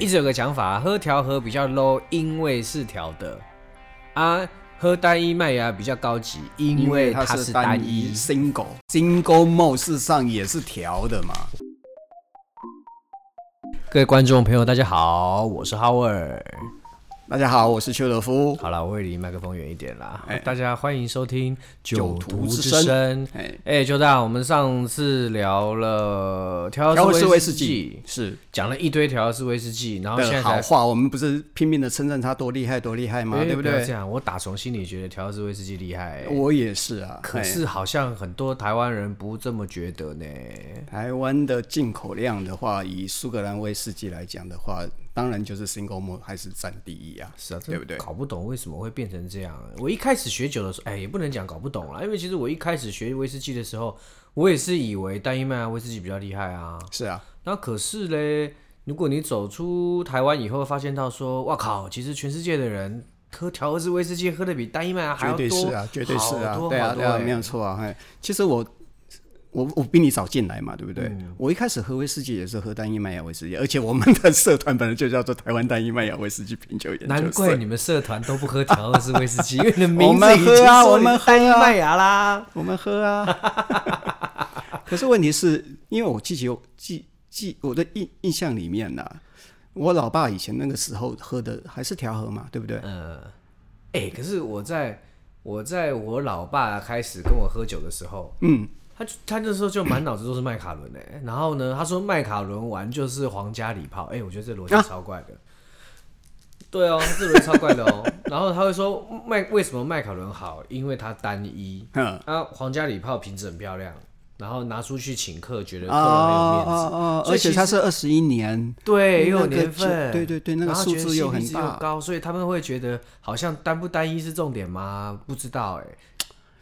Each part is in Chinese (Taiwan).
一直有個講法，喝調和比較 low，因為是調的啊；喝單一麥芽比較高級，因為它是單一,一,一 single，single malt 事實上也是調的嘛。各位觀眾朋友，大家好，我是 Howard。大家好，我是邱德夫。好了，我會離麥克風遠一點啦、欸。大家歡迎收聽《酒徒之聲》。哎、欸，邱、欸、大，我們上次聊了調和式威士忌，是講了一堆調和式威士忌，然後現在的好話，我們不是拼命的稱讚他多厲害、多厲害嗎、欸？對不對？這樣，我打從心裡覺得調和式威士忌厲害、欸，我也是啊。可是好像很多台灣人不這麼覺得呢。欸、台灣的進口量的話，嗯、以蘇格蘭威士忌來講的話。當然就是 single malt 還是佔第一啊，是啊，對不對？搞不懂為什麼會變成這樣。我一開始學酒的時候，哎，也不能講搞不懂啦，因為其實我一開始學威士忌的時候，我也是以為單一麥芽威士忌比較厲害啊。是啊，那可是嘞，如果你走出台灣以後，發現到說，哇靠，其實全世界的人喝調和式威士忌喝得比單一麥芽還要多，是啊，絕對是啊，對啊，對啊，對啊，對啊，對啊，沒有錯啊。哎，其實我。我我比你早進來嘛，對不對、嗯？我一開始喝威士忌也是喝單一麥芽威士忌，而且我們的社團本來就叫做台灣單一麥芽威士忌品酒研究室。難怪你們社團都不喝調和式威士忌， 因為你的名字已經說我們喝單一麥芽啦。我們喝啊，我們啦 我們喝啊 可是問題是，因為我自己記我記，記我的印印象裡面呢、啊，我老爸以前那個時候喝的還是調和嘛，對不對？呃、嗯，哎、欸，可是我在我在我老爸開始跟我喝酒的時候，嗯。他就他那時候就滿腦子都是麥卡倫呢、欸。然後呢，他說麥卡倫玩就是皇家禮炮哎、欸，我覺得這邏輯超怪的。啊、對哦，這邏輯超怪的哦。 然後他會說麥為什麼麥卡倫好？因為它單一，啊，皇家禮炮瓶子很漂亮，然後拿出去請客，覺得客人很有面子、啊啊啊啊，而且他是二十一年，對，有年份，對對對，那個數字又很大又高，所以他們會覺得好像單不單一是重點嗎？不知道哎、欸。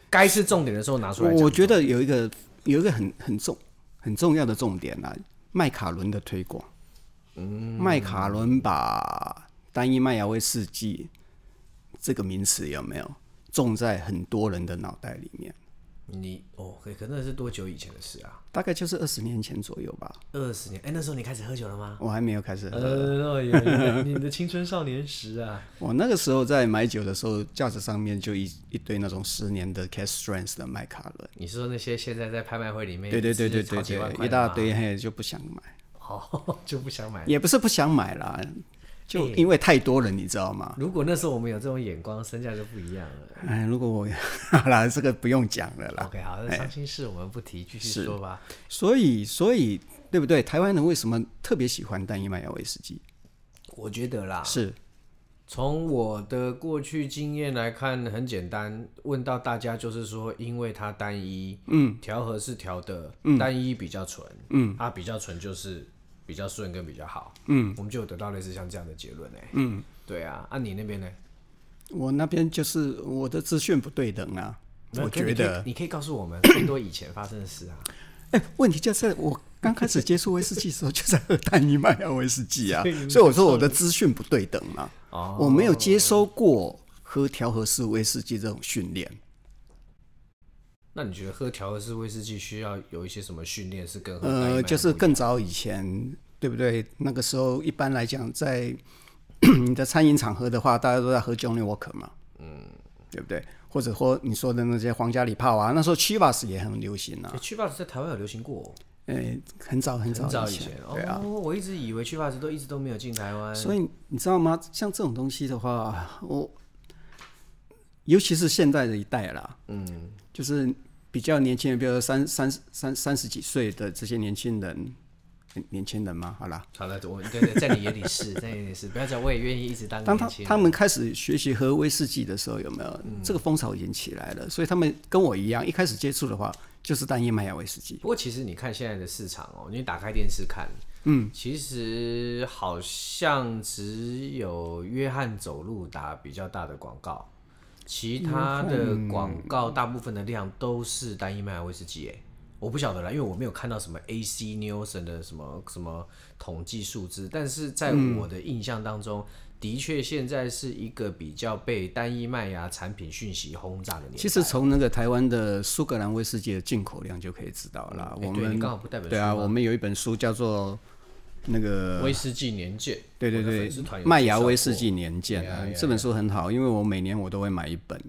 該是重點的時候拿出來，我覺得有一個有一個很很重很重要的重點呢、啊，麥卡倫的推廣。嗯，麥卡倫把單一麥芽威士忌這個名詞有沒有種在很多人的腦袋裡面？你哦，可可那是多久以前的事啊？大概就是二十年前左右吧。二十年？哎、欸，那時候你開始喝酒了嗎？我還沒有開始喝、 呃有有有。你的青春少年時啊！我、哦、那個時候在買酒的時候，架子上面就一一堆那種十年的 Cask Strength 的麥卡倫。你是說那些現在在拍賣會裡面對對對對對，一大堆，嘿，就不想買。哦， 就不想買。也不是不想買啦。就因為太多了，欸，你知道嗎？如果那時候我們有這種眼光，身價就不一樣了。哎、嗯，如果我，好啦，這個不用講了啦。OK，好，那，傷心事我們不提，繼、欸、續說吧。所以，所以，對不對？台灣人為什麼特別喜歡單一麥芽威士忌？我覺得啦，是。從我的過去經驗來看，很簡單。問到大家，就是說，因為它單一，嗯，調和是調的，嗯，單一比較純，嗯，它、啊、比較純就是。比較順跟比較好，嗯，我們就有得到類似像這樣的結論呢、欸。嗯，對啊，按、啊、你那邊呢？我那邊就是我的資訊不對等啊，我，我覺得你可以告訴我們更多以前發生的事啊。 欸、問題就是我剛開始接觸威士忌的時候，就在喝單一麥芽威士忌啊， 所以我說我的資訊不對等啊， 哦，我沒有接收過喝調和式威士忌這種訓練。那你覺得喝調和式威士忌需要有一些什麼訓練？是更的呃，就是更早以前，對不對？那個時候一般來講在，在你 的餐飲場合的話，大家都在喝 Johnnie Walker 嘛，嗯，對不對？或者說你說的那些皇家禮炮啊，那時候 Chivas 也很流行啊。欸、Chivas 在台灣有流行過，哦，哎、欸，很早很早以前，很早以前，哦，對啊，我一直以為 Chivas 都一直都沒有進台灣。所以你知道嗎？像這種東西的話，我尤其是現在的一代啦，嗯，就是。比較年輕人，比如說三三三三十幾歲的這些年輕人，欸、年輕人嘛，好啦，好了我對，對對，在你眼裡是， 在你眼裡是，不要講，我也願意一直當。當他他們開始學習喝威士忌的時候，有沒有、嗯、這個風潮已經起來了？所以他們跟我一樣，一開始接觸的話，就是單一麥芽威士忌。不過其實你看現在的市場哦，你打開電視看，嗯，其實好像只有約翰走路打比較大的廣告。其他的廣告大部分的量都是單一麥芽威士忌誒，我不曉得啦，因為我沒有看到什麼 AC Nielsen 的什麼什麼統計數字，但是在我的印象當中，嗯、的確現在是一個比較被單一麥芽產品訊息轟炸的年代。其實從那個台灣的蘇格蘭威士忌的進口量就可以知道了，我們、欸、對，你剛好不代表對啊，我們有一本書叫做。那個威士忌年鑑，對對對，麥芽威士忌年鑑啊，yeah, yeah, yeah. 這本書很好，因為我每年我都會買一本。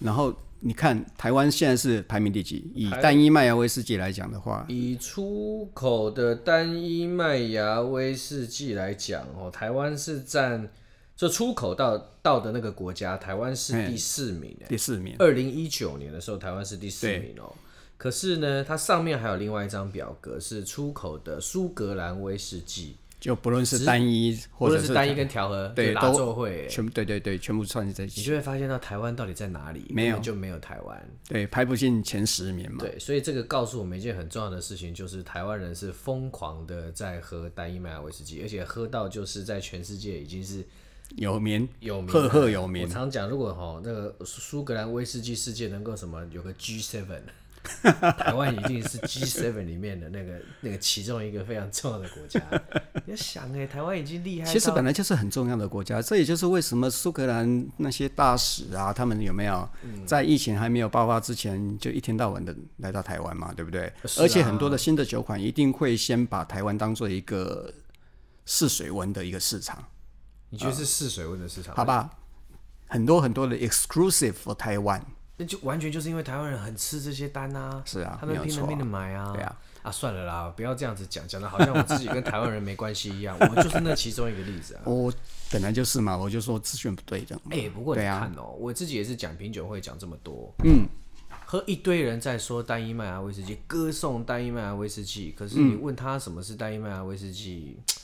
然後你看，台灣現在是排名第幾？以單一麥芽威士忌來講的話，以出口的單一麥芽威士忌來講哦，台灣是佔，就出口到到的那個國家，台灣是第四名，第四名。二零一九年的時候，台灣是第四名哦。可是呢，它上面還有另外一張表格，是出口的蘇格蘭威士忌，就不論是單一，或者是，是單一跟調和，對，會欸、都會全部對對對，全部串在一起。你就會發現到台灣到底在哪裡？沒有就沒有台灣，對，排不進前十名嘛。對，所以這個告訴我們一件很重要的事情，就是台灣人是瘋狂的在喝單一麥芽威士忌，而且喝到就是在全世界已經是有名有名赫赫有名。啊、我常講，如果哈那個蘇格蘭威士忌世界能夠什麼有個 G7。 台灣已經是 G7 裡面的那個那個其中一個非常重要的國家，你要想哎，台灣已經厲害。其實本來就是很重要的國家，這也就是為什麼蘇格蘭那些大使啊，他們有沒有在疫情還沒有爆發之前就一天到晚的來到台灣嘛，對不對、啊。而且很多的新的酒款一定會先把台灣當做一個試水溫的一個市場。你覺得是試水溫的市場、呃。好吧，很多很多的 exclusive for 台灣。那就完全就是因為台灣人很吃這些單啊，是啊，他們拼了命的買啊，啊，對啊，啊算了啦，不要這樣子講，講的好像我自己跟台灣人沒關係一樣， 我就是那其中一個例子啊，我本來就是嘛，我就說資訊不對的，哎、欸，不過你看哦、喔啊，我自己也是講品酒會講這麼多，嗯，喝一堆人在說單一麥芽威士忌，歌頌單一麥芽威士忌，可是你問他什麼是單一麥芽威士忌？嗯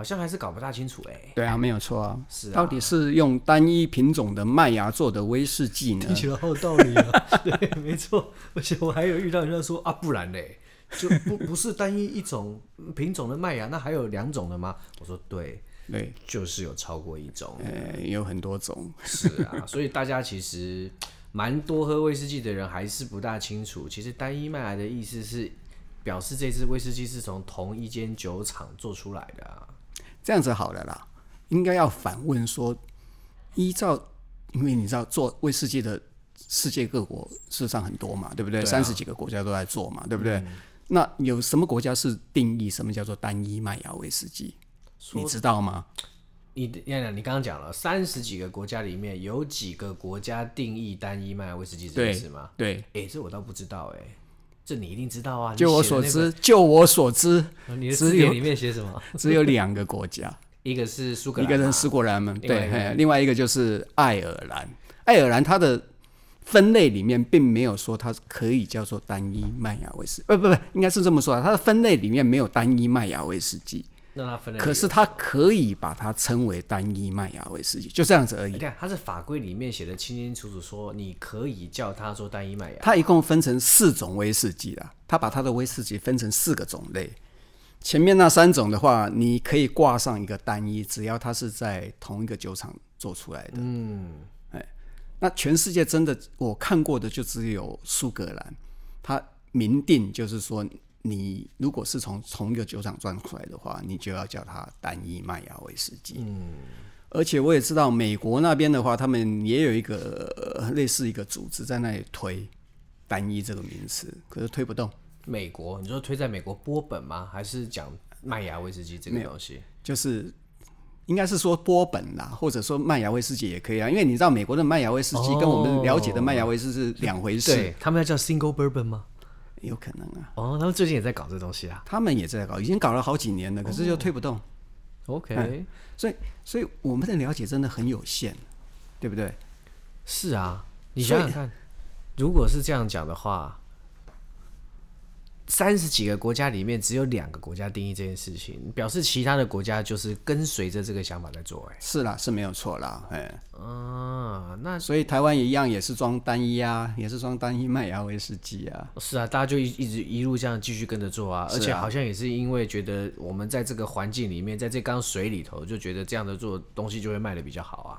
好像還是搞不大清楚哎、欸。對啊，沒有錯啊，是啊。到底是用單一品種的麥芽做的威士忌呢？聽起來好道理啊。 對，沒錯。而且我還有遇到人家說啊，不然嘞，就不不是單一一種品種的麥芽， 那還有兩種的嗎？我說對，對，就是有超過一種，呃、欸，有很多種。 是啊，所以大家其實蠻多喝威士忌的人還是不大清楚。其實單一麥芽的意思是表示這支威士忌是從同一間酒廠做出來的啊。這樣子好了啦，應該要反問說，依照，因為你知道做威士忌的世界各國事實上很多嘛，對不對？三十、啊、幾個國家都在做嘛，對不對、嗯？那有什麼國家是定義什麼叫做單一麥芽威士忌？你知道嗎？你靚靚，你剛剛講了三十幾個國家裡面，有幾個國家定義單一麥芽威士忌，是嗎？對，哎、欸，這我倒不知道、欸，哎。這你一定知道啊！就我所知，那個、就我所知，啊、你的字典裡面寫什麼？只有,只有兩個國家， 一個是蘇格蘭，一個是蘇格蘭嘛、啊？對。另外一個就是愛爾蘭，愛爾蘭它的分類裡面並沒有說它可以叫做單一麥芽威士，不不不，應該是這麼說啊，它的分類裡面沒有單一麥芽威士忌。讓他分了，可是他可以把它稱為單一麥芽威士忌，就這樣子而已。你看，它是法規裡面寫得清清楚楚，說你可以叫它做單一麥芽。它一共分成四種威士忌啦，它把它的威士忌分成四個種類。前面那三種的話，你可以掛上一個單一，只要它是在同一個酒廠做出來的。嗯，哎，那全世界真的我看過的就只有蘇格蘭，它明定就是說。你如果是從同一個酒廠賺出來的話，你就要叫它單一麥芽威士忌。嗯，而且我也知道美國那邊的話，他們也有一個、呃、類似一個組織在那裡推“單一”這個名詞，可是推不動。美國，你說推在美國波本嗎？還是講麥芽威士忌這個東西？沒有，就是應該是說波本啦，或者說麥芽威士忌也可以啊。因為你知道，美國的麥芽威士忌跟我們了解的麥芽威士是兩回事。哦、對，他們要叫 “single bourbon” 嗎？有可能啊，哦，他們最近也在搞這東西啊，他們也在搞，已經搞了好幾年了，oh. 可是又推不動。OK，嗯，所以所以我們的了解真的很有限，對不對？是啊，你想想看，所以，如果是這樣講的話。三十幾個國家裡面，只有兩個國家定義這件事情，表示其他的國家就是跟隨着這個想法在做，哎，是啦，是沒有錯啦，哎、嗯嗯，那所以台灣一樣，也是裝單一啊，也是裝單一麥芽威士忌啊，是啊，大家就一一直一路這樣繼續跟着做啊，啊，而且好像也是因為覺得我們在這個環境裡面，在這缸水裡頭，就覺得這樣的做東西就會賣得比較好啊，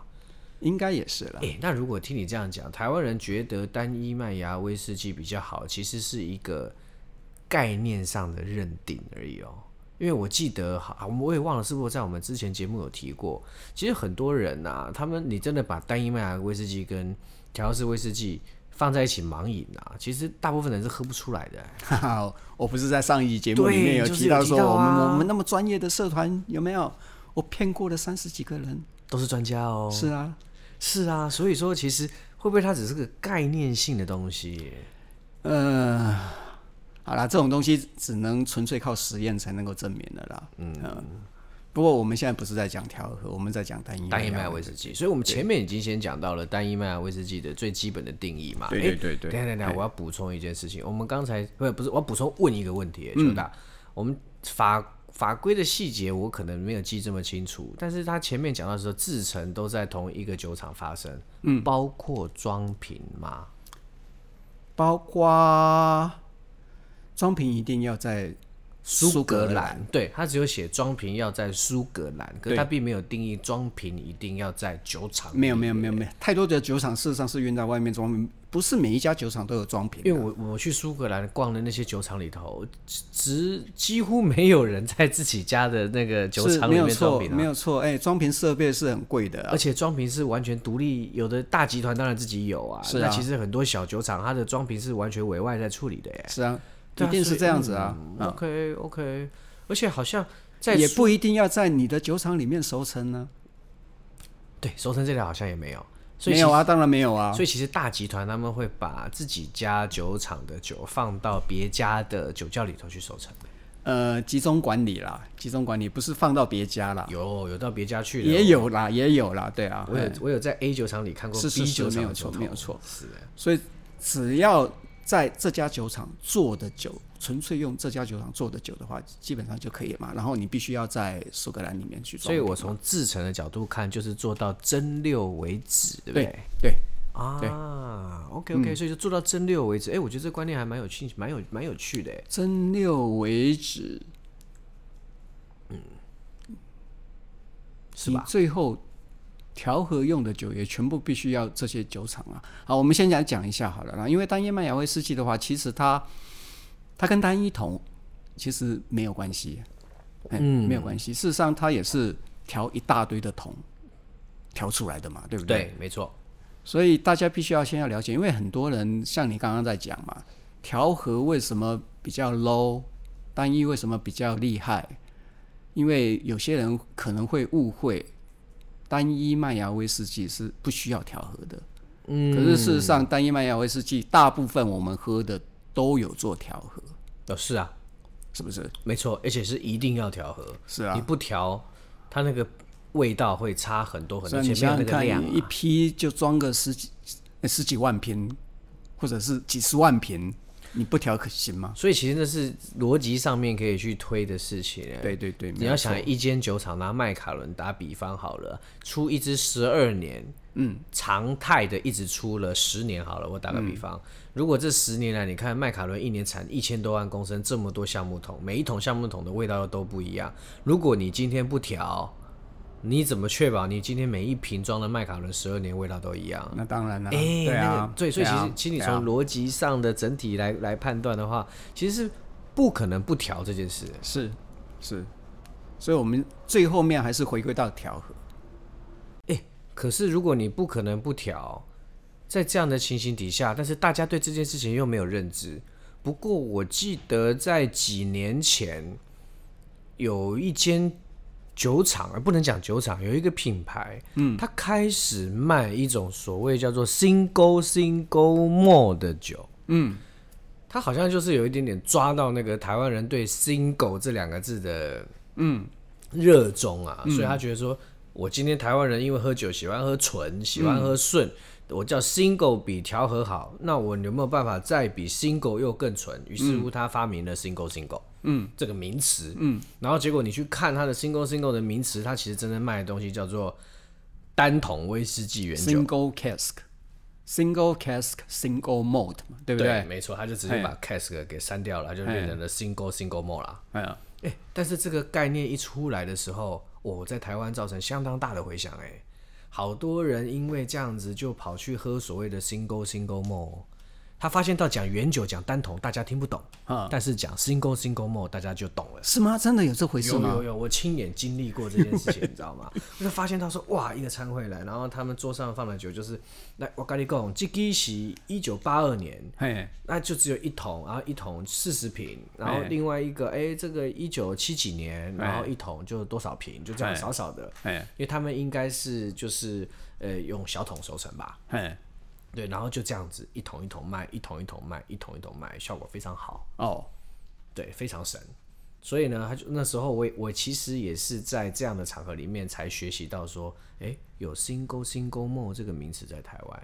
應該也是啦，欸，那如果聽你這樣講，台灣人覺得單一麥芽威士忌比較好，其實是一個。概念上的認定而已哦，因為我記得哈，我我也忘了是不是在我們之前節目有提過。其實很多人吶、啊，他們你真的把單一麥芽威士忌跟調和式威士忌放在一起盲飲啊，其實大部分人是喝不出來的、哎。哈哈，我不是在上一集節目裡面有提到說，就是到啊、我們我們那麼專業的社團有沒有？我騙過了三十幾個人，都是專家哦。是啊，是啊，所以說其實會不會它只是個概念性的東西？呃。好啦，這種東西只能純粹靠實驗才能夠證明的啦嗯。嗯，不過我們現在不是在講調和，我們在講單一麥芽單一麥芽威士忌。所以，我們前面已經先講到了單一麥芽威士忌的最基本的定義嘛。對對對、對、對、欸。等下等下，我要補充一件事情。我們剛才不是我要補充問一個問題，是、嗯、邱大，我們法法規的細節我可能沒有記這麼清楚，但是他前面講到的時候，製程都在同一個酒廠發生，嗯，包括裝瓶嗎？包括。裝瓶一定要在蘇格蘭，對，他只有寫裝瓶要在蘇格蘭，可是他並沒有定義裝瓶一定要在酒廠。沒有沒有沒有沒有，太多的酒廠事實上是運在外面裝瓶，不是每一家酒廠都有裝瓶。因為我我去蘇格蘭逛的那些酒廠裡頭，只幾乎沒有人在自己家的那個酒廠裡面裝瓶的啊，沒有錯。哎，裝瓶設備是很貴的啊，而且裝瓶是完全獨立，有的大集團當然自己有啊。是啊，但其實很多小酒廠它的裝瓶是完全委外在處理的欸，哎，是啊。一定是這樣子啊，嗯，哦，OK OK，而且好像在也不一定要在你的酒廠裡面熟成呢，啊。對，熟成這裡好像也沒有，沒有啊，當然沒有啊。所以其實大集團他們會把自己家酒廠的酒放到別家的酒窖裡頭去熟成。呃，集中管理啦，集中管理不是放到別家啦，有有到別家去了也有啦，也有啦，對啊。我有我有在 A 酒廠裡看過 B 酒廠的酒桶，是是沒有錯，是。所以只要在這家酒廠做的酒，純粹用這家酒廠做的酒的話，基本上就可以嘛。然後你必須要在蘇格蘭裡面去做。所以我從製程的角度看，就是做到蒸餾為止，對不對？對，啊對，OK OK，所以就做到蒸餾為止。哎、嗯欸，我覺得這觀念還蠻有趣，蠻有蠻有趣的。哎，蒸餾為止，嗯，是吧？最後。調和用的酒也全部必須要這些酒廠啊。好，我們先講講一下好了。那因為單一麥芽威士忌的話，其實它，它跟單一桶其實沒有關係，嗯，沒有關係。事實上，它也是調一大堆的桶調出來的嘛，對不對？對，沒錯。所以大家必須要先要了解，因為很多人像你剛剛在講嘛，調和為什麼比較 low，單一為什麼比較厲害？因為有些人可能會誤會。單一麥芽威士忌是不需要調和的，嗯，可是事實上，單一麥芽威士忌大部分我們喝的都有做調和。嗯。哦，是啊，是不是？沒錯，而且是一定要調和。是啊，你不調，它那個味道會差很多很多。像這樣看啊，你看，一批就裝個十幾、十幾萬瓶，或者是幾十萬瓶。你不調可行嗎？所以其實那是邏輯上面可以去推的事情。對對對，你要想一間酒廠，拿麥卡倫打比方好了，出一支十二年，嗯，常態的一直出了十年好了，我打個比方，嗯、如果這十年來你看麥卡倫一年產一千多萬公升，這麼多橡木桶，每一桶橡木桶的味道都不一樣，如果你今天不調，你怎麼確保你今天每一瓶裝的麥卡倫十二年味道都一樣？那當然了，欸、對啊、那個、對啊，所以其實，啊、請你從邏輯上的整體來、啊、來判斷的話，其實是不可能不調這件事。是，是，所以我們最後面還是回歸到調和。欸，可是如果你不可能不調，在這樣的情形底下，但是大家對這件事情又沒有認知。不過我記得在幾年前，有一間。酒廠而不能講酒廠，有一個品牌，嗯，他開始賣一種所謂叫做 Single Single Malt 的酒，嗯，他好像就是有一點點抓到那個台灣人對 single 這兩個字的，嗯，熱衷啊，嗯、所以他覺得說、嗯，我今天台灣人因為喝酒喜歡喝純，喜歡喝順，嗯、我叫 single 比調和好，那我有沒有辦法再比 single 又更純？於是乎，他發明了 single、嗯、single。嗯，這個名詞，嗯，然後結果你去看它的 single single 的名詞，它其實真正賣的東西叫做單桶威士忌原酒 single cask，single cask single, cask single malt 對不對？對，沒錯，他就直接把 cask 給刪掉了，它就變成了 single single malt。哎呀、啊，哎，但是這個概念一出來的時候，我、哦、在台灣造成相當大的迴響，哎，好多人因為這樣子就跑去喝所謂的 single single malt。他發現到講原酒、講單桶大家聽不懂，啊、uh,，但是講 single single malt 大家就懂了，是嗎？真的有這回事嗎？有有有，我親眼經歷過這件事情， 你知道嗎？我就發現到說，哇，一個餐會來，然後他們桌上放的酒就是，那我跟你講 GG 是一九八二年，那就只有一桶，然後一桶四十瓶，然後另外一個，哎，這個一九七幾年，然後一桶就多少瓶，就這樣少少的，哎，因為他們應該是就是呃用小桶收成吧，哎。對，然後就這樣子一桶一桶，一桶一桶賣，一桶一桶賣，一桶一桶賣，效果非常好哦。對，非常神。所以呢，他就那時候我，我我其實也是在這樣的場合裡面才學習到說，誒，有 Single Single Malt 這個名詞在台灣。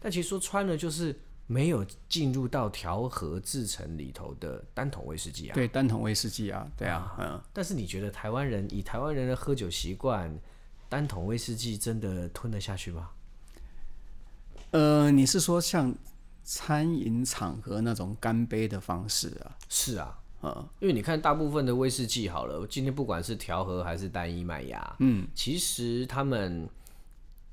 但其實說穿了，就是沒有進入到調和製程裡頭的單桶威士忌啊。對，單桶威士忌啊，嗯、對啊，嗯。但是你覺得台灣人以台灣人的喝酒習慣，單桶威士忌真的吞得下去嗎？呃，你是說像餐飲場合那種乾杯的方式啊？是啊，呃、嗯，因為你看大部分的威士忌好了，今天不管是調和還是單一麥芽，嗯，其實他們。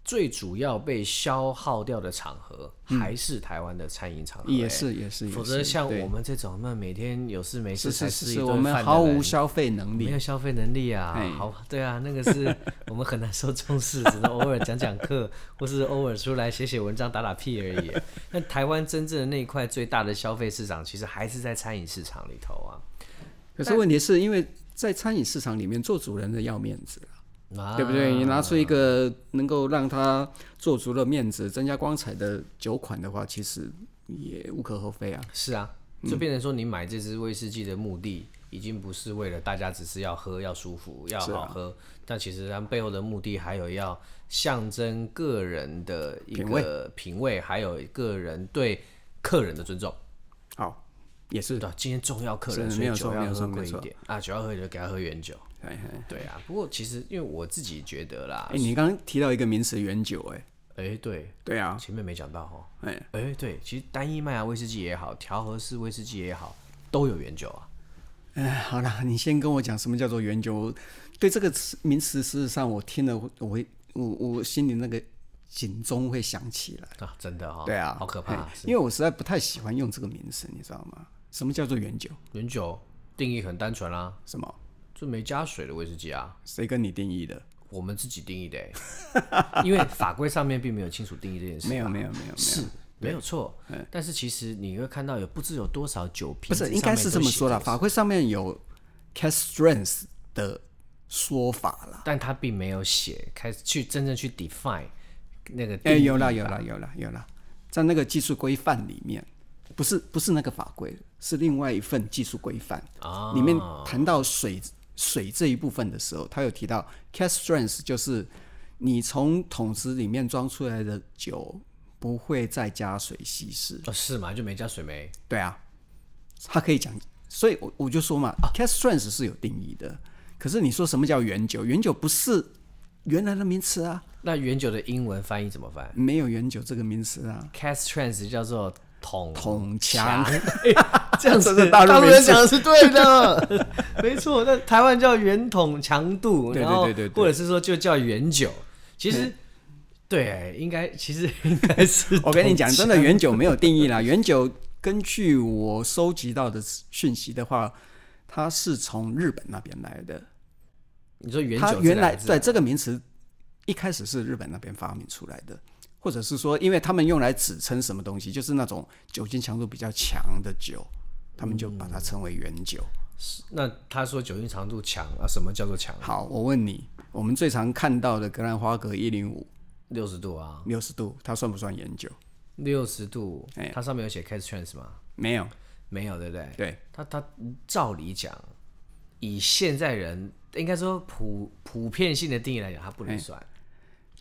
最主要被消耗掉的場合還是台灣的餐飲場合、嗯，也是也是，也是，否則像我們這種，那每天有事沒事是，是，是，我們毫無消費能力，沒，沒有消費能力啊，好，對啊，那個是我們很難受重視， 只是偶爾講講課， 或是偶爾出來寫寫文章打打屁而已、啊。那台灣真正的那一塊最大的消費市場，其實還是在餐飲市場裡頭啊。可是問題是因為在餐飲市場裡面，做主人的要面子。啊、對不對？你拿出一個能夠讓他做足了面子，增加光彩的酒款的話，其實也無可厚非啊。是啊，就變成說，你買這支威士忌的目的，嗯，已經不是為了大家只是要喝、要舒服、要好喝，啊、但其實它們背後的目的，還有要象徵個人的一個品味，還有個人對客人的尊重。好、哦，也是的。今天重要客人，所以酒要喝貴一點啊，酒要喝就給他喝原酒。 對啊，不過其實因為我自己覺得啦，哎、欸，你剛剛提到一個名詞“原酒、欸”，哎，哎，對，對啊，前面沒講到哈、哦，哎、欸，哎、欸，對，其實單一麥芽、啊、威士忌也好，調和式威士忌也好，都有原酒啊。哎，好啦，你先跟我講什麼叫做原酒？對這個詞名詞，事實上我聽了我會我我心裡那個警鐘會響起來啊，真的啊、哦，對啊，好可怕、啊，因為我實在不太喜歡用這個名詞，你知道嗎？什麼叫做原酒？原酒定義很單純啦、啊，什麼？就沒加水的威士忌啊？誰跟你定義的？我們自己定義的、欸、 因為法規上面並沒有清楚定義這件事、啊。 沒有，沒有，沒有，是沒有錯。但是其實你會看到有不知有多少酒瓶不是應該是這麼說的，法規上面有 cask strength 的說法了，但他並沒有寫開始去真正去 define 那個定義。哎、欸，有了，有了，有了，有了，在那個技術規範裡面，不是不是那個法規，是另外一份技術規範裡面談到水、水這一部分的時候，他有提到 cask strength 就是，你從桶子裡面裝出來的酒不會再加水稀釋、哦、是嘛就沒加水沒對啊，他可以講，所以我我就說嘛啊、哦、cask strength 是有定義的，可是你說什麼叫原酒？原酒不是原來的名詞啊，那原酒的英文翻譯怎麼翻？沒有原酒這個名詞啊，cask strength 叫做。桶桶強， 這樣子的大陸人講的是對的， 沒錯。那台灣叫原桶強度，對對對對，或者是說就叫原酒。其實，嗯、對，應該其實應該是。我跟你講，真的原酒沒有定義啦。原酒根據我收集到的訊息的話，它是從日本那邊來的。你說原酒，原來在這個名詞，一開始是日本那邊發明出來的。或者是說，因為他們用來指稱什麼東西，就是那種酒精強度比較強的酒，他們就把它稱為原酒。是、嗯，那他說酒精強度強啊，什麼叫做強？好，我問你，我們最常看到的格蘭花格一零五六十度啊，六十度，它算不算原酒？六十度，欸，它上面有寫 cask strength 嗎？沒有，沒有，對不對？對，它它照理講，以現在人應該說普普遍性的定義來講，它不能算。欸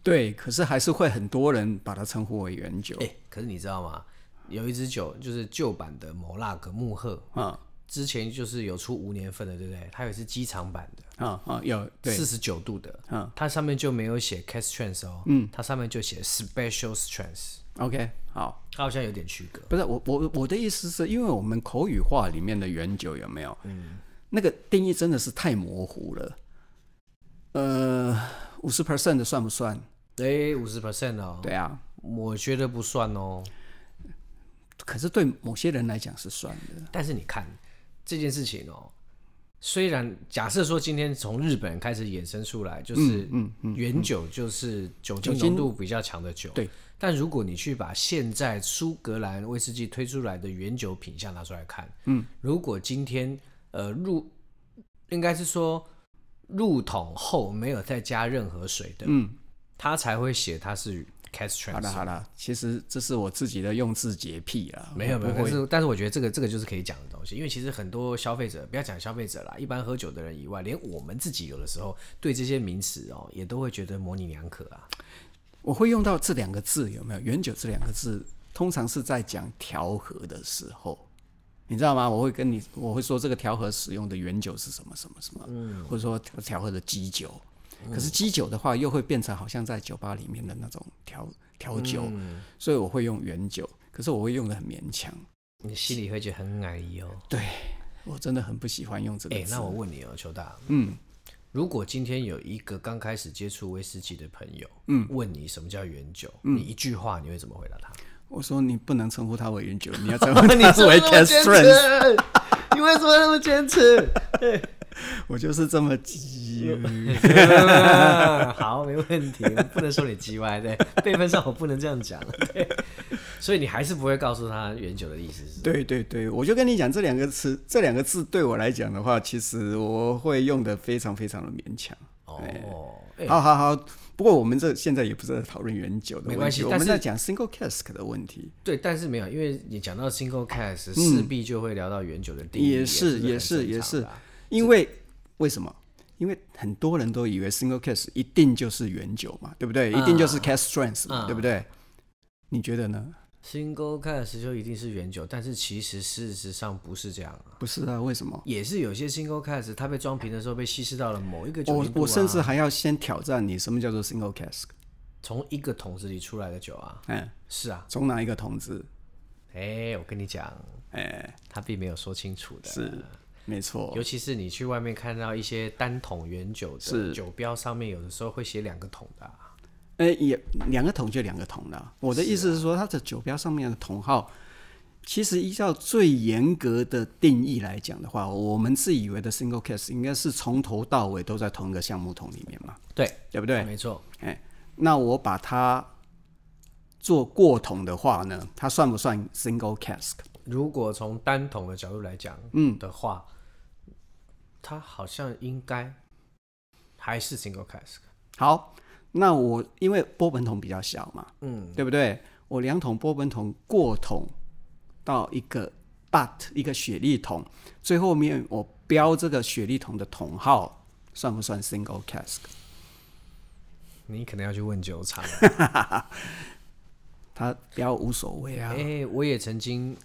對，可是還是會很多人把它稱呼為原酒。哎，可是你知道嗎？有一支酒就是舊版的摩拉格慕赫。啊，之前就是有出五年份的，對不對？它也是機場版的啊啊，有四十九度的啊、嗯，它上面就沒有寫 Cask Strength 哦，嗯，它上面就寫 Special Strength。OK，好，它好像有點區隔。不是我我我的意思是因為我們口語化裡面的原酒有沒有？嗯，那個定義真的是太模糊了。呃，五十 percent 的算不算？所以五十 percent 哦，對啊，我覺得不算哦。可是對某些人來講是算的。但是你看這件事情哦，雖然假設說今天從日本開始衍生出來，就是嗯嗯原酒就是酒精濃度比較強的酒，對、嗯嗯嗯嗯。但如果你去把現在蘇格蘭威士忌推出來的原酒品相拿出來看，嗯，如果今天呃入應該是說入桶後沒有再加任何水的，嗯。他才會寫，他是 cask strength。好的，好的。其實這是我自己的用字潔癖了。沒有，沒有。但是，但是我覺得這個這個就是可以講的東西，因為其實很多消費者，不要講消費者啦，一般喝酒的人以外，連我們自己有的時候對這些名詞哦，也都會覺得模稜兩可啊。我會用到這兩個字有沒有？原酒這兩個字，通常是在講調和的時候，你知道嗎？我會跟你，我會說這個調和使用的原酒是什麼什麼什麼，嗯，或者說調調和的基酒。可是基酒的話，又會變成好像在酒吧裡面的那種調調酒、嗯，所以我會用原酒，可是我會用得很勉強，你心裡會覺得很安逸哦。對，我真的很不喜歡用這個。哎、欸，那我問你哦、喔，邱大，嗯，如果今天有一個剛開始接觸威士忌的朋友，嗯，問你什麼叫原酒、嗯，你一句話你會怎麼回答他？我說你不能稱呼他為原酒，你要稱呼他為 distillate 你為什麼那麼堅持？ 我就是這麼急， 好，沒問題，不能說你 g 歪，對，輩分上我不能這樣講，所以你還是不會告訴他原酒」的意思是？對對對，我就跟你講這兩個詞，這兩個,個字對我來講的話，其實我會用的非常非常的勉強。哦、欸，好好好，不過我們這現在也不是在討論原酒」的問題，沒關係我們在講 single cask 的問題。對，但是沒有，因為你講到 single cask 勢必就會聊到原酒」的定義，也是也是也是。也是因為為什麼？因為很多人都以為 single cask 一定就是原酒嘛，對不對？嗯、一定就是 cask strength，對不對？嗯、你覺得呢？single cask 就一定是原酒，但是其實事實上不是這樣、啊。不是啊？為什麼？也是有些 single cask 它被裝瓶的時候被稀釋到了某一個酒、啊。我我甚至還要先挑戰你，什麼叫做 single cask？從一個桶子裡出來的酒啊？嗯，是啊。從哪一個桶子？哎、欸，我跟你講，哎、欸，他並沒有說清楚的。是。沒錯，尤其是你去外面看到一些單桶原酒的酒標上面，有的時候會寫兩個桶的、啊。哎、欸，也兩個桶就兩個桶的。我的意思是說，它的酒標上面的桶號，啊、其實依照最嚴格的定義來講的話，我們自以為的 single cask 應該是從頭到尾都在同一個橡木桶裡面嘛？對，對不對？啊、沒錯。哎、欸，那我把它做過桶的話呢，它算不算 single cask？如果從單桶的角度來講，嗯的話。嗯他好像應該還是 single cask。好，那我因為波本桶比較小嘛，嗯，對不對？我兩桶波本桶過桶到一個 butt 一個雪莉桶，最後面我標這個雪莉桶的桶號，算不算 single cask？你可能要去問酒廠啊。 他標無所謂啊，欸。我也曾經。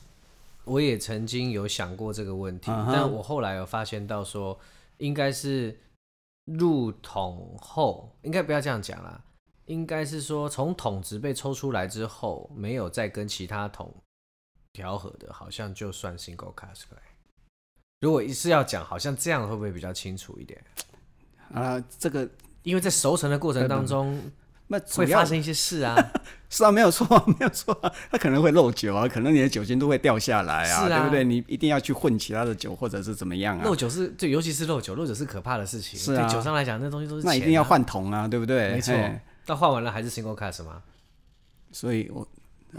我也曾經有想過這個問題，uh -huh. 但我後來有發現到說，應該是入桶後，應該不要這樣講啦，應該是說，從桶子被抽出來之後，沒有再跟其他桶調和的，好像就算 Single Cask，如果一次要講，好像這樣會不會比較清楚一點？啊、uh，這個因為在熟成的過程當中。 那會發生一些事啊 ，是啊，沒有錯，沒有錯、啊，他可能會漏酒啊，可能你的酒精都會掉下來啊，啊對不對？你一定要去混其他的酒或者是怎麼樣啊？漏酒是對，尤其是漏酒，漏酒是可怕的事情。啊、對酒商來講，那東西都是、啊、那一定要換桶啊，對不對？沒錯，那換完了還是 Single Cask 嗎？所以我。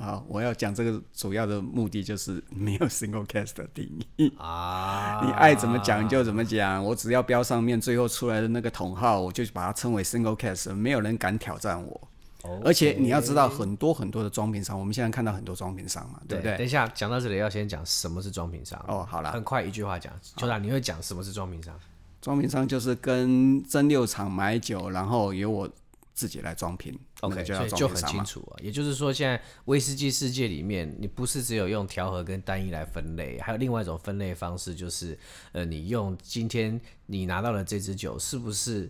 啊、哦，我要講這個主要的目的就是沒有 single cask 的定義啊， 你愛怎麼講就怎麼講，我只要標上面最後出來的那個桶號，我就把它稱為 single cask，沒有人敢挑戰我，okay。而且你要知道很多很多的裝瓶商，我們現在看到很多裝瓶商嘛，對，對不對？等一下講到這裡要先講什麼是裝瓶商哦，好了，很快一句話講，邱大你會講什麼是裝瓶商？裝瓶商就是跟蒸餾廠買酒，然後由我。自己來裝瓶，OK，那個就要裝瓶商嗎？所以就很清楚啊。也就是說，現在威士忌世界裡面，你不是只有用調和跟單一來分類，還有另外一種分類方式，就是呃，你用今天你拿到的這支酒，是不是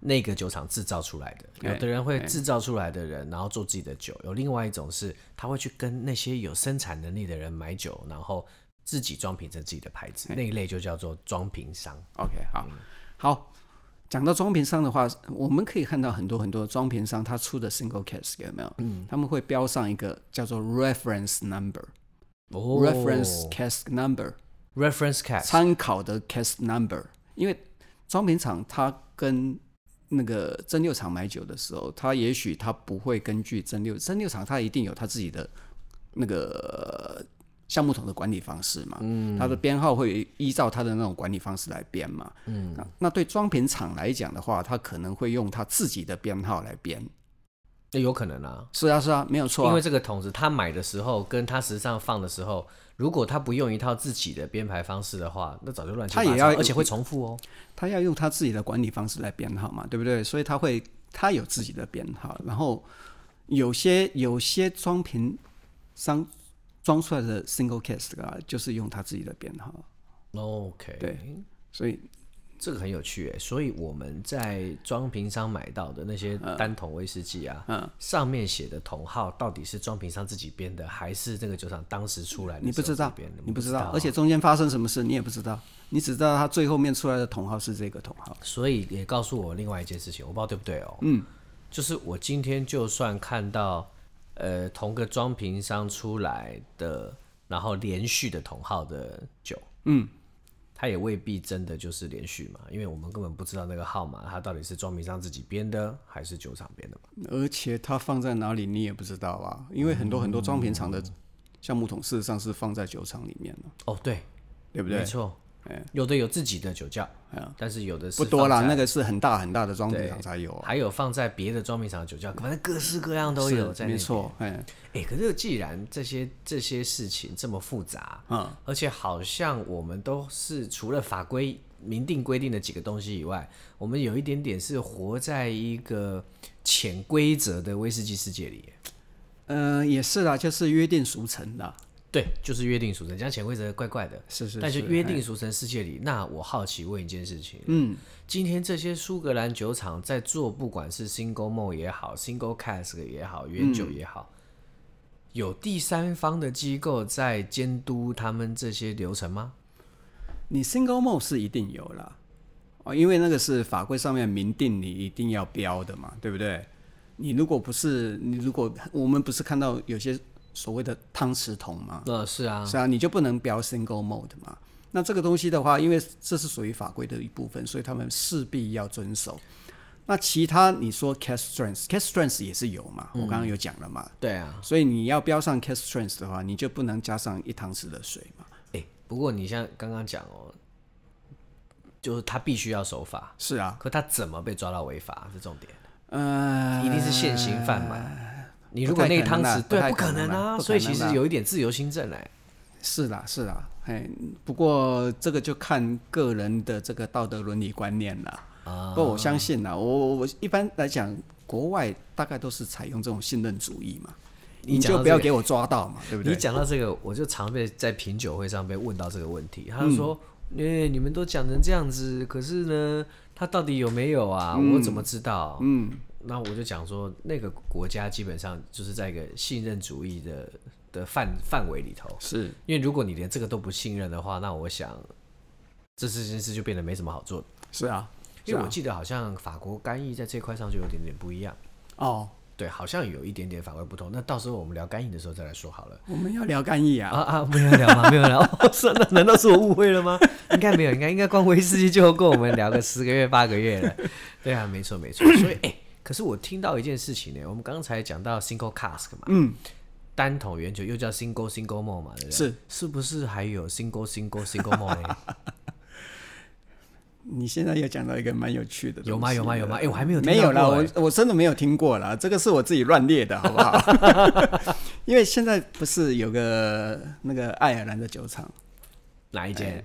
那個酒廠製造出來的？Okay, 有的人會製造出來的人，okay, 然後做自己的酒；有另外一種是，他會去跟那些有生產能力的人買酒，然後自己裝瓶成自己的牌子。Okay, 那一類就叫做裝瓶商。OK，好、嗯，好。講到裝瓶商的話，我們可以看到很多很多裝瓶商他出的 single cask 有沒有、嗯？他們會標上一個叫做 reference number，reference、哦、cask number，reference cask, number, cask 參考的 cask number。因為裝瓶廠他跟那個蒸餾廠買酒的時候，他也許他不會根據蒸餾，蒸餾廠他一定有他自己的那個。嗯橡木桶的管理方式嘛，嗯，它的編號會依照它的那種管理方式來編嘛，嗯，啊、那對裝瓶廠來講的話，他可能會用他自己的編號來編，那、欸、有可能啊，是啊是啊，沒有錯、啊，因為這個桶子他買的時候跟他實際上放的時候，如果他不用一套自己的編排方式的話，那早就亂七八糟，他也要而且會重複哦、嗯，他要用他自己的管理方式來編號嘛，對不對？所以他會他有自己的編號，然後有些有些裝瓶商。裝出來的 single cask 啊，就是用他自己的編號。OK，對，所以這個很有趣誒。所以我們在裝瓶商買到的那些單桶威士忌啊，嗯嗯、上面寫的桶號到底是裝瓶商自己編的，還是這個酒廠當時出來的的？你不知你不知道，你不知道，而且中間發生什麼事你也不知道，你只知道它最後面出來的桶號是這個桶號。所以也告訴我另外一件事情，我不知道對不對哦。嗯，就是我今天就算看到。呃，同個裝瓶商出來的，然後連續的同號的酒，嗯，它也未必真的就是連續嘛，因為我們根本不知道那個號碼，它到底是裝瓶商自己編的還是酒廠編的嘛。而且它放在哪裡你也不知道啊，因為很多很多裝瓶廠的橡木桶，事實上是放在酒廠裡面的。嗯嗯嗯嗯嗯哦，對，對不對？沒錯。有的有自己的酒窖，嗯，但是有的是不多了，那個是很大很大的裝瓶廠才有，還有放在別的裝瓶廠酒窖，反正各式各樣都有在。沒錯，哎、欸、可是既然這些這些事情這麼複雜，嗯，而且好像我們都是除了法規明定規定的幾個東西以外，我們有一點點是活在一個潛規則的威士忌世界裡。嗯、呃，也是啦，就是約定俗成的。對，就是約定俗成，加潛規則怪怪的。是是，是，但是約定俗成世界裡是是，那我好奇問一件事情。嗯，今天這些蘇格蘭酒廠在做，不管是 single malt 也好，single cask 也好，原酒也好、嗯，有第三方的機構在監督他們這些流程嗎？你 single malt 是一定有了哦，因為那個是法規上面明定你一定要標的嘛，對不對？你如果不是，你如果我們不是看到有些。所謂的湯匙桶嘛、嗯，是啊，是啊，你就不能標 single malt 嘛。那這個東西的話，因為這是屬於法規的一部分，所以他們勢必要遵守。那其他你說 cask strength，cask、嗯、strength 也是有嘛，我剛剛有講了嘛。對啊。所以你要標上 cask strength 的話，你就不能加上一湯匙的水嘛。哎、欸，不過你像剛剛講哦，就是他必須要守法。是啊。可他怎麼被抓到違法是重點？嗯、呃，一定是現行犯嘛。呃你如果那個湯匙，對，不可能啊！所以其實有一點自由心證嘞。是啦，是啦，哎，不過這個就看個人的這個道德倫理觀念了。啊，不過我相信啦。我我一般來講，國外大概都是採用這種信任主義嘛，你、這個。你就不要給我抓到嘛，對不對？你講到這個，我就常被在品酒會上被問到這個問題。他就說：哎、嗯欸，你們都講成這樣子，可是呢，他到底有沒有啊？嗯、我怎麼知道？嗯。那我就講說，那個國家基本上就是在一個信任主義的、的範範圍裡頭，是因為如果你連這個都不信任的話，那我想這事情是就變得沒什麼好做的。是啊，是啊，因為我記得好像法國干邑在這塊上就有點點不一樣哦，對，好像有一點點法規不同。那到時候我們聊干邑的時候再來說好了。我們要聊干邑啊？啊啊，沒有聊嗎？沒有聊？那、 哦、難道是我誤會了嗎？應該沒有，應該應該光威士忌就夠我們聊了十個月 八個月了。對啊，沒錯沒錯，所以。 可是我聽到一件事情呢，欸，我們剛才講到 single cask 嘛，嗯，單桶原酒又叫 single single malt 嘛，是不是？是，是不是還有 single single single malt？欸、 你現在又講到一個蠻有趣的。有嗎？有嗎？有嗎？哎，我還沒有聽過、欸，沒有啦，我我真的沒有聽過啦，這個是我自己亂列的，好不好？ 因為現在不是有個那個愛爾蘭的酒廠，哪一間、欸？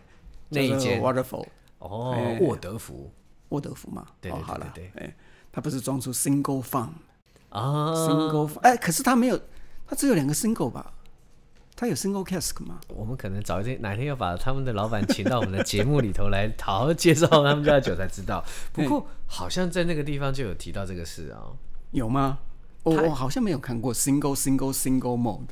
那一間 Waterford 哦、欸，沃德福，沃德福嘛，對，對，對，對、哦，好了，對、欸，哎。他不是裝出 single fun，啊，single，哎，欸，可是他沒有，他只有兩個 single 吧？他有 single cask 嗎？我們可能找一天，哪天要把他們的老板請到我們的節目裡頭來，好好介紹他們家酒才知道。 不過、欸、好像在那個地方就有提到這個事哦，有嗎？哦，我好像沒有看過 single，single，single single single malt。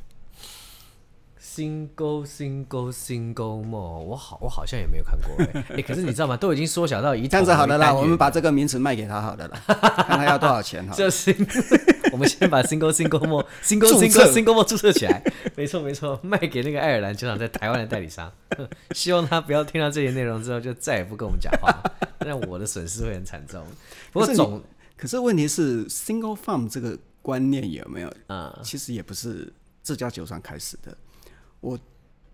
Single, single, single malt, 我好，我好像也沒有看過哎、欸欸。可是你知道嗎？都已經縮小到，一,一。這樣子好的啦，我們把這個名詞賣給他好了啦，好的了。看他要多少錢哈。就是，我們先把 single, single malt, single, single, single, single malt 註冊起來。沒錯沒錯，賣給那個愛爾蘭酒商，在台灣的代理商。希望他不要聽到這些內容之後，就再也不跟我們講話，那我的損失會很慘重。不過總可，可是問題是 single farm 這個觀念有沒有？啊、嗯，其實也不是這家酒商開始的。我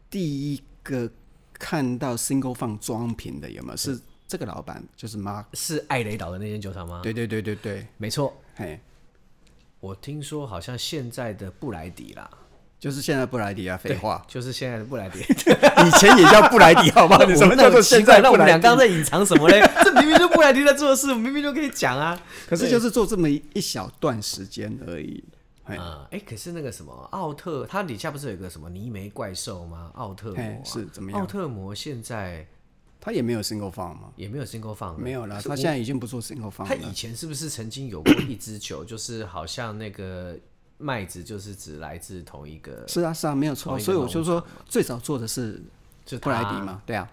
第一個看到 single farm 裝瓶的有沒有？是這個老闆就是 Mark，是艾雷島的那間酒廠嗎？對對對對對，沒錯。嘿，我聽說好像現在的布萊迪啦，就是現在的布萊迪啊，廢話，就是現在的布萊迪。 以前也叫布萊迪，好好 迪，好嗎？什麼叫做現在？那我們倆剛剛在隱藏什麼嘞？ 這明明就布萊迪在做的事， 明明就可以講啊。可是就是做這麼一,一小段時間而已。呃、嗯，哎、欸，可是那個什麼奧特，它底下不是有個什麼泥煤怪獸嗎？奧特摩、啊、是怎麼樣？奧特摩現在，他也沒有 Single Farm 嗎？也沒有 Single Farm，沒有了。他現在已經不做 Single Farm 了。他以前是不是曾經有過一支酒， 就是好像那個麥子，就是只來自同一個。是啊是啊，沒有錯、啊。所以我就說，最早做的是，就布萊迪嘛，對啊，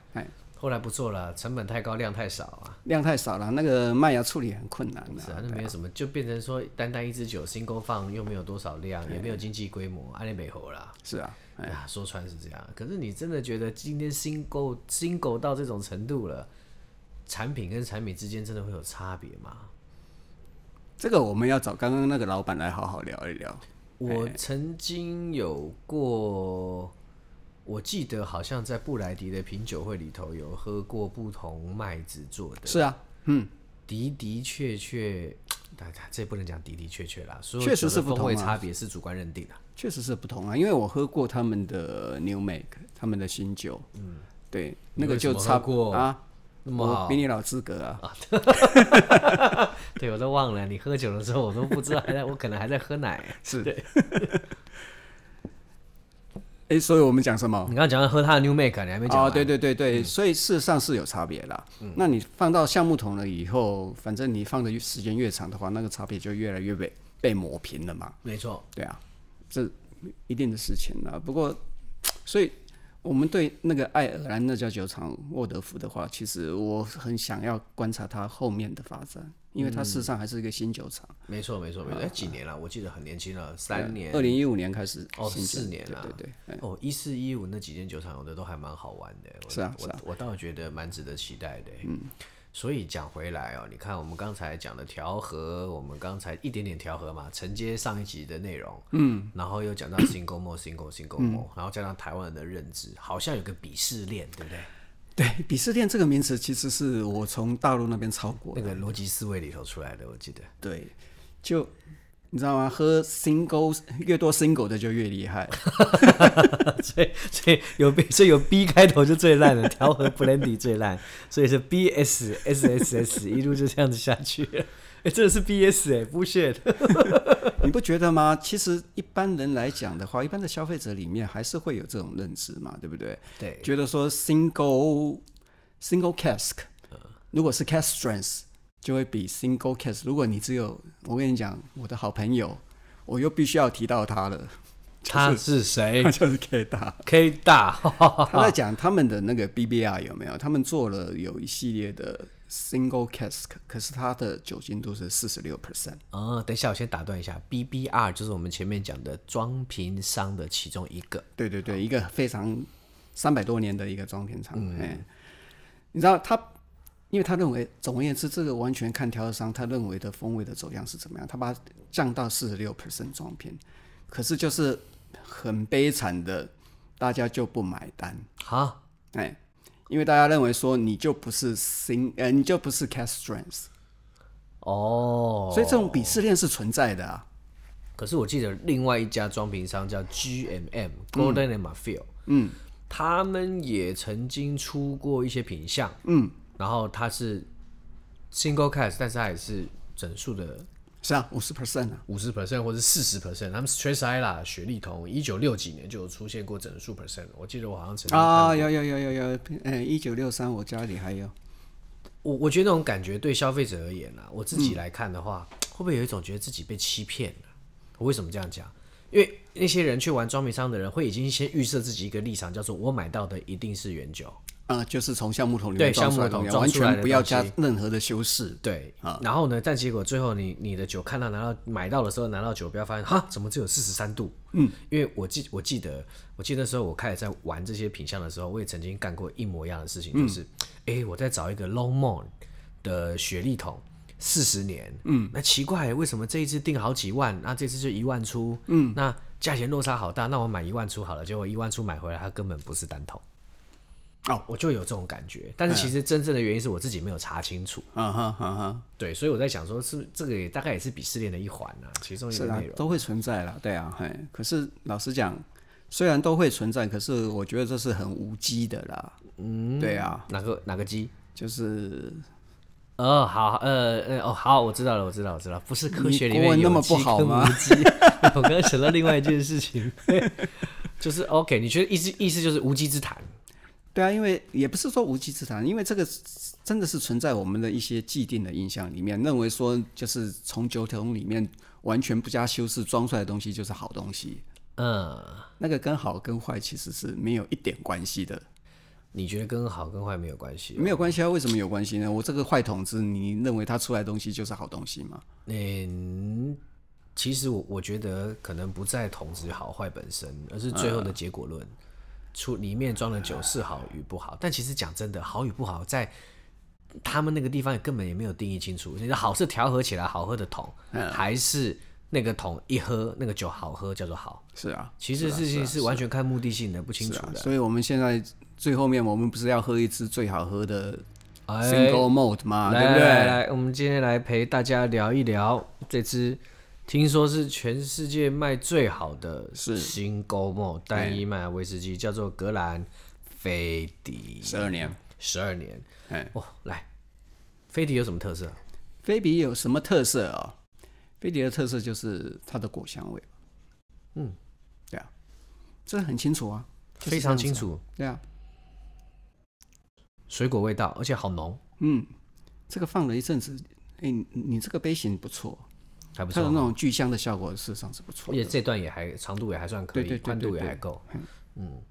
後來不做了，成本太高，量太少啊。量太少了，那個賣要處理很困難。是啊，那沒有什麼、啊，就變成說單單一支酒，新勾放又沒有多少量，也沒有經濟規模，阿利美猴啦。是啊，哎呀、啊，說穿是這樣。可是你真的覺得今天新 g 新 e 到這種程度了，產品跟產品之間真的會有差別嗎？這個我們要找剛剛那個老闆來好好聊一聊。我曾經有過。我記得好像在布萊迪的品酒會裡頭有喝過不同麥子做的。是啊，嗯，的的確確，但這也不能講的的確確啦，確實不同，風味差別是主觀認定的。啊啊，確實是不同啊。因為我喝過他們的 New Make，他們的新酒，嗯，對，那個就差過啊，那麼我比你老資格啊，啊 對，我都忘了，你喝酒的時候我都不知道， 還在，我可能還在喝奶，是的。對 所以我們講什麼？你剛剛講的和他的 New Make，你還沒講。哦，對對對對，嗯，所以事實上是有差別的，嗯。那你放到橡木桶了以後，反正你放的時間越長的話，那個差別就越來越被被磨平了嘛。沒錯，對啊，這一定的事情了。不過，所以。我們對那個愛爾蘭那家酒廠沃德福的話，其實我很想要觀察它後面的發展，因為它事實上還是一個新酒廠，嗯。沒錯，沒錯，沒錯，欸，幾年了，啊，我記得很年輕了，嗯，三年。二零一五年開始。哦，四年了，對對，對哦，一四一五那幾間酒廠我覺得都還蠻好玩的。是啊，是啊。我我，我倒覺得蠻值得期待的。嗯。所以講回來哦，你看我們剛才講的調和，我們剛才一點點調和嘛，承接上一集的內容，嗯，然後又講到「Single Malt」、「Single」、「Single Malt」、嗯、然後加上台灣人的認知，好像有個鄙視鏈，對不對？對，鄙視鏈這個名詞其實是我從大陸那邊抄過，那個邏輯思維裡頭出來的，我記得。對，就。你知道嗎？喝 single 越多 single 的就越厲害， 所以，所以有所以有 B 開頭就最爛的調和 blended 最爛，所以是 B S S S S 一路就這樣子下去。哎、欸，這個是 B S，哎、欸，不屑， 你不覺得嗎？其實一般人來講的話，一般的消費者裡面還是會有這種認知嘛，對不對？對，覺得說 single single cask，如果是 cask strength。就會比 single cask。如果你只有我跟你講，我的好朋友，我又必須要提到他了。就是、他是誰？ 他就是 K 大，K 大哈哈哈哈。他在講他們的那個 B B R 有沒有？他們做了有一系列的 single cask，可是它的酒精度是四十六 percent。哦，等一下，我先打斷一下。B B R 就是我們前面講的裝瓶商的其中一個。對對對，一個非常三百多年的一個裝瓶廠。嗯，欸、你知道他？因為他認為，總而言之，這個完全看調酒商他認為的風味的走向是怎麼樣。他把它降到四十六 percent 裝瓶，可是就是很悲慘的，大家就不買單。好，哎，因為大家認為說你就不是新，呃，你就不是 Cask Strength，哦，所以這種鄙視鏈是存在的，啊。可是我記得另外一家裝瓶商叫 GMM，嗯，Gordon and MacPhail，嗯，他們也曾經出過一些品相，嗯。然後它是 single cask，但是還是整數的50，是啊，五十 percent，五十 percent 或是四十 percent。他們 stress 啦，雪莉桶一九六幾年就出現過整數 percent。我記得我好像曾經啊、哦，有有有有有，哎，一九六三，我家裡還有。我我覺得那種感覺對消費者而言呢、啊，我自己來看的話、嗯，會不會有一種覺得自己被欺騙了？我為什麼這樣講？因為那些人去玩裝瓶商的人，會已經先預設自己一個立場，叫做我買到的一定是原酒。啊、就是從橡木桶裡面裝出來，完全不要加任何的修飾。對，啊、然後呢？但結果最後你，你你的酒看到拿到買到的時候，拿到酒標發現，哈，怎麼只有四十三度？嗯，因為我記我記得，我記得那時候我開始在玩這些品相的時候，我也曾經幹過一模一樣的事情，就是，哎、嗯，我在找一個 Long Morn 的雪莉桶四十年。嗯，那奇怪，為什麼這一支訂好幾萬，那、啊、這次就一萬出？嗯，那價錢落差好大。那我買一萬出好了，結果一萬出買回來，它根本不是單桶。哦、oh，我就有這種感覺，但是其實真正的原因是我自己沒有查清楚。嗯，哼，哼，哼。對，所以我在想，說是不是這個也大概也是鄙視鏈的一環呢？啊。其中一個內容、啊、都會存在啦，對啊，哎，可是老實講，雖然都會存在，可是我覺得這是很無稽的啦。嗯，對啊，哪個哪個稽就是哦，好，呃哦，好，我知道了，我知道，我知道，不是科學裡面有機跟無機。 我剛剛想到另外一件事情， 就是 OK，你覺得意思意思就是無稽之談？對啊，因為也不是說無稽之談，因為這個真的是存在我們的一些既定的印象裡面，認為說就是從酒桶裡面完全不加修飾裝出來的東西就是好東西。嗯，那個跟好跟壞其實是沒有一點關係的。你覺得跟好跟壞沒有關係、哦？沒有關係啊？為什麼有關係呢？我這個壞桶子，你認為它出來的東西就是好東西嗎？嗯，其實我我覺得可能不在桶子好壞本身，而是最後的結果論。嗯出裡面裝的酒是好與不好，但其實講真的，好與不好在他們那個地方也根本也沒有定義清楚。你的好是調和起來好喝的桶，還是那個桶一喝那個酒好喝叫做好？是啊，其實事情是完全看目的性的，不清楚的、啊啊啊啊啊啊。所以我們現在最後面，我們不是要喝一支最好喝的 single malt 嗎？對不對？來，我們今天來陪大家聊一聊這支。聽說是全世界賣最好的 Malt, 是新高墨單一麥芽威士忌、嗯，叫做格蘭菲迪十二年，十二年，哎、嗯，哇、哦，來，菲迪有什麼特色？菲迪有什麼特色啊、哦？菲迪的特色就是它的果香味，嗯，對啊，這很清楚啊，非常清楚、就是，對啊，水果味道，而且好濃，嗯，這個放了一陣子，哎、欸，你這個杯型不錯。還不錯，它的那種聚香的效果，事實上是不錯。而且這段也還長度也還算可以，寬度也還夠。嗯，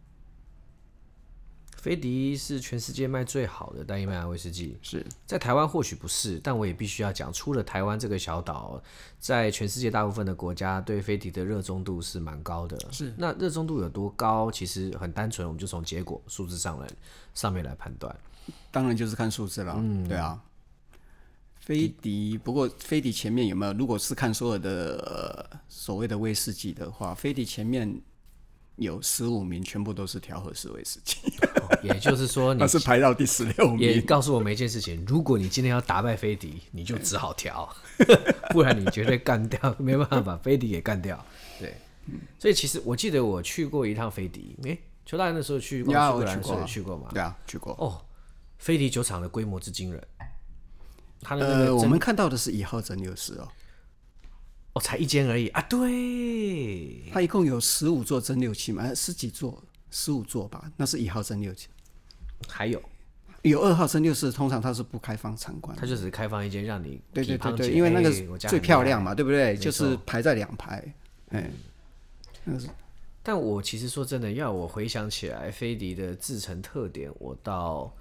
菲迪是全世界賣最好的單一麥芽威士忌，是在台灣或許不是，但我也必須要講，除了台灣這個小島，在全世界大部分的國家，對菲迪的熱衷度是蠻高的。是那熱衷度有多高？其實很單純，我們就從結果數字上來上面來判斷。嗯，當然就是看數字了。嗯，對啊。菲迪，不過菲迪前面有沒有？如果是看所有的、呃、所謂的威士忌的話，菲迪前面有十五名，全部都是調和式威士忌、 哦。也就是說你，你是排到第十六名。也告訴我們一件事情。如果你今天要打敗菲迪，你就只好調， 不然你絕對幹掉，沒辦法把菲迪給幹掉。對、嗯，所以其實我記得我去過一趟菲迪。哎，邱大人那時候去，你啊，我去過、啊，去過嘛？對啊，去過。哦，菲迪酒廠的規模之驚人。呃，我們看到的是一號蒸餾室哦，哦，才一間而已啊。對，它一共有十五座蒸餾器嘛，十幾座，十五座吧，那是一號蒸餾器。還有，有二號蒸餾室，通常它是不開放參觀，它就只開放一間讓你。對，對對對，因為那個是最漂亮嘛，對不對？沒錯，就是排在兩排。嗯，但、哎、是，但我其實說真的，要我回想起來，菲迪的製程特點，我倒。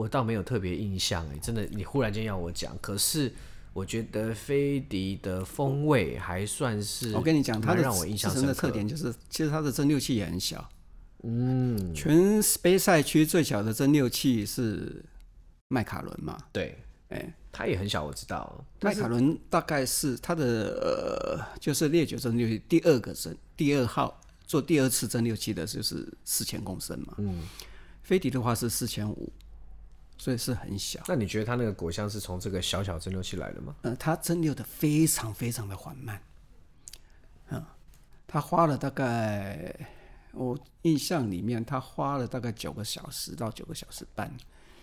我倒沒有特別印象，誒，真的，你忽然間要我講，可是我覺得菲迪的風味還算是。我跟你講，它的讓我印象深的特點就是，其實它的蒸餾器也很小。嗯。全 Speyside 區最小的蒸餾器是麥卡倫嘛？對，誒、欸，它也很小，我知道。麥卡倫大概是它的呃，就是烈酒蒸餾器第二個蒸，第二號做第二次蒸餾器的就是四千公升嘛。嗯。菲迪的話是四千五。所以是很小。那你覺得它那個果香是從這個小小蒸餾器來的嗎？呃，它蒸餾得非常非常的緩慢。嗯，它花了大概，我印象裡面，它花了大概九個小時到九個小時半。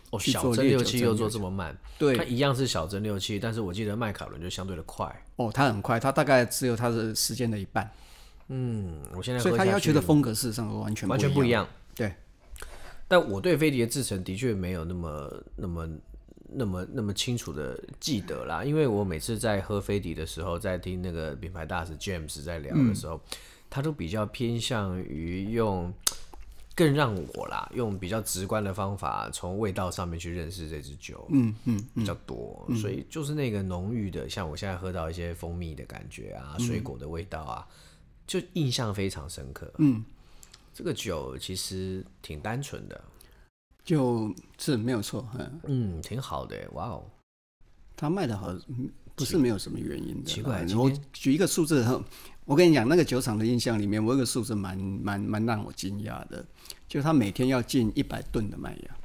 哦，小蒸餾器又做這麼慢？對，它一樣是小蒸餾器，但是我記得麥卡倫就相對的快。哦，它很快，它大概只有它的時間的一半。嗯，我現在有有所以它要求的風格事實上完全完全不一樣。但我對菲迪的製程的確沒有那麼、那麼、那麼、那麼清楚的記得啦，因為我每次在喝菲迪的時候，在聽那個品牌大使 James 在聊的時候，嗯、他都比較偏向於用更讓我啦，用比較直觀的方法，從味道上面去認識這支酒，嗯嗯，嗯，比較多，所以就是那個濃郁的，像我現在喝到一些蜂蜜的感覺啊，嗯、水果的味道啊，就印象非常深刻，啊，嗯。這個酒其實挺單純的，就是沒有錯，嗯，嗯，挺好的，哇、wow、哦，他賣的好，不是沒有什麼原因的。奇怪，我舉一個數字，哈，我跟你講，那個酒廠的印象裡面，我有個數字，蠻蠻蠻讓我驚訝的，就是他每天要進一百噸的麥芽，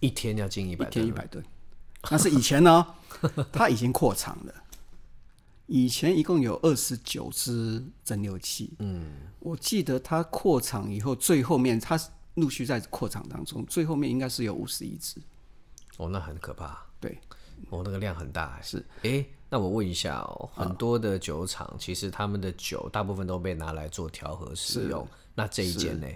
一天要進一百噸，一天一百噸，那是以前呢、哦，他 已經擴廠了。以前一共有二十九支蒸餾器。嗯，我記得它擴廠以後，最後面它是陸續在擴廠當中，最後面應該是有五十一支。哦，那很可怕。對，哦，那個量很大，是。哎，那我問一下哦，很多的酒廠、呃、其實他們的酒大部分都被拿來做調和使用，那這一間呢？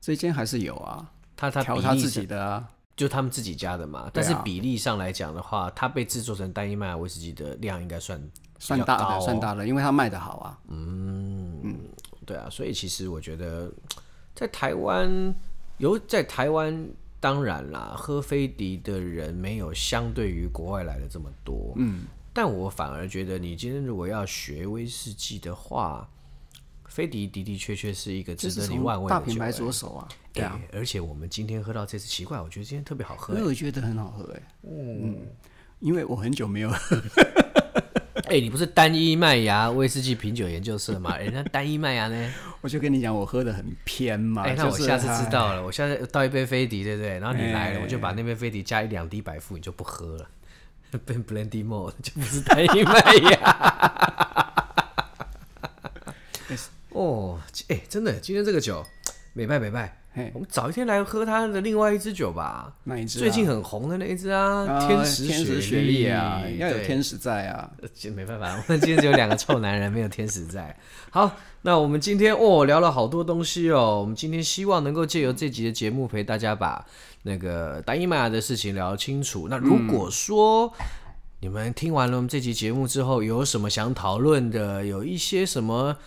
這一間還是有啊，它它調它自己的啊，就他們自己家的嘛。但是比例上來講的話，啊、它被製作成單一麥芽威士忌的量應該算。算大的，算大的，哦、因為它賣得好啊、嗯。嗯對啊，所以其實我覺得，在台灣有在台灣，當然啦，喝菲迪的人沒有相對於國外來的這麼多。嗯，但我反而覺得，你今天如果要學威士忌的話，菲迪的的確確是一個值得你萬萬、欸、大品牌着手啊。對啊，而且我們今天喝到這次，奇怪，我覺得今天特別好喝、欸。我有覺得很好喝哎、欸。嗯、嗯，因為我很久沒有、嗯。 哎、欸，你不是單一麥芽威士忌品酒研究社嗎？人、欸、家單一麥芽呢，我就跟你講，我喝得很偏嘛。哎、欸就是啊，那我下次知道了，我下次倒一杯飛迪，對不對？然後你來了，欸、我就把那杯飛迪加一兩滴白富，你就不喝了，變、欸、 blended malt 就不是單一麥芽。哦，哎，真的，今天這個酒美賣美賣。Hey, 我們早一天來喝他的另外一支酒吧，那一支，啊，最近很紅的那一支啊，天使天使雪莉啊，要有天使在啊，沒辦法，我們今天只有兩個臭男人， 沒有天使在。好，那我們今天哦聊了好多東西哦，我們今天希望能夠借由這集的節目陪大家把那個單一麥芽的事情聊清楚。那如果說，嗯、你們聽完了我們這集節目之後有什麼想討論的，有一些什麼？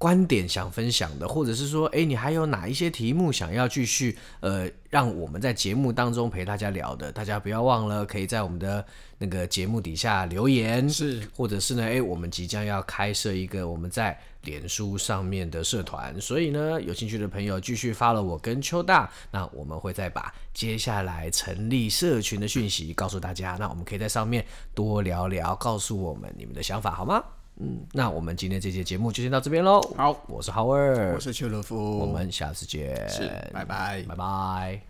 觀點想分享的，或者是說，哎，你還有哪一些題目想要繼續，呃，讓我們在節目當中陪大家聊的，大家不要忘了，可以在我們的那個節目底下留言，是，或者是呢，哎，我們即將要開設一個我們在臉書上面的社團，所以呢，有興趣的朋友繼續 follow 我跟邱大，那我們會再把接下來成立社群的訊息告訴大家，那我們可以在上面多聊聊，告訴我們你們的想法好嗎？嗯，那我們今天這期節目就先到這邊嘍。好，我是浩爾，我是邱樂夫，我們下次見，拜拜，拜拜。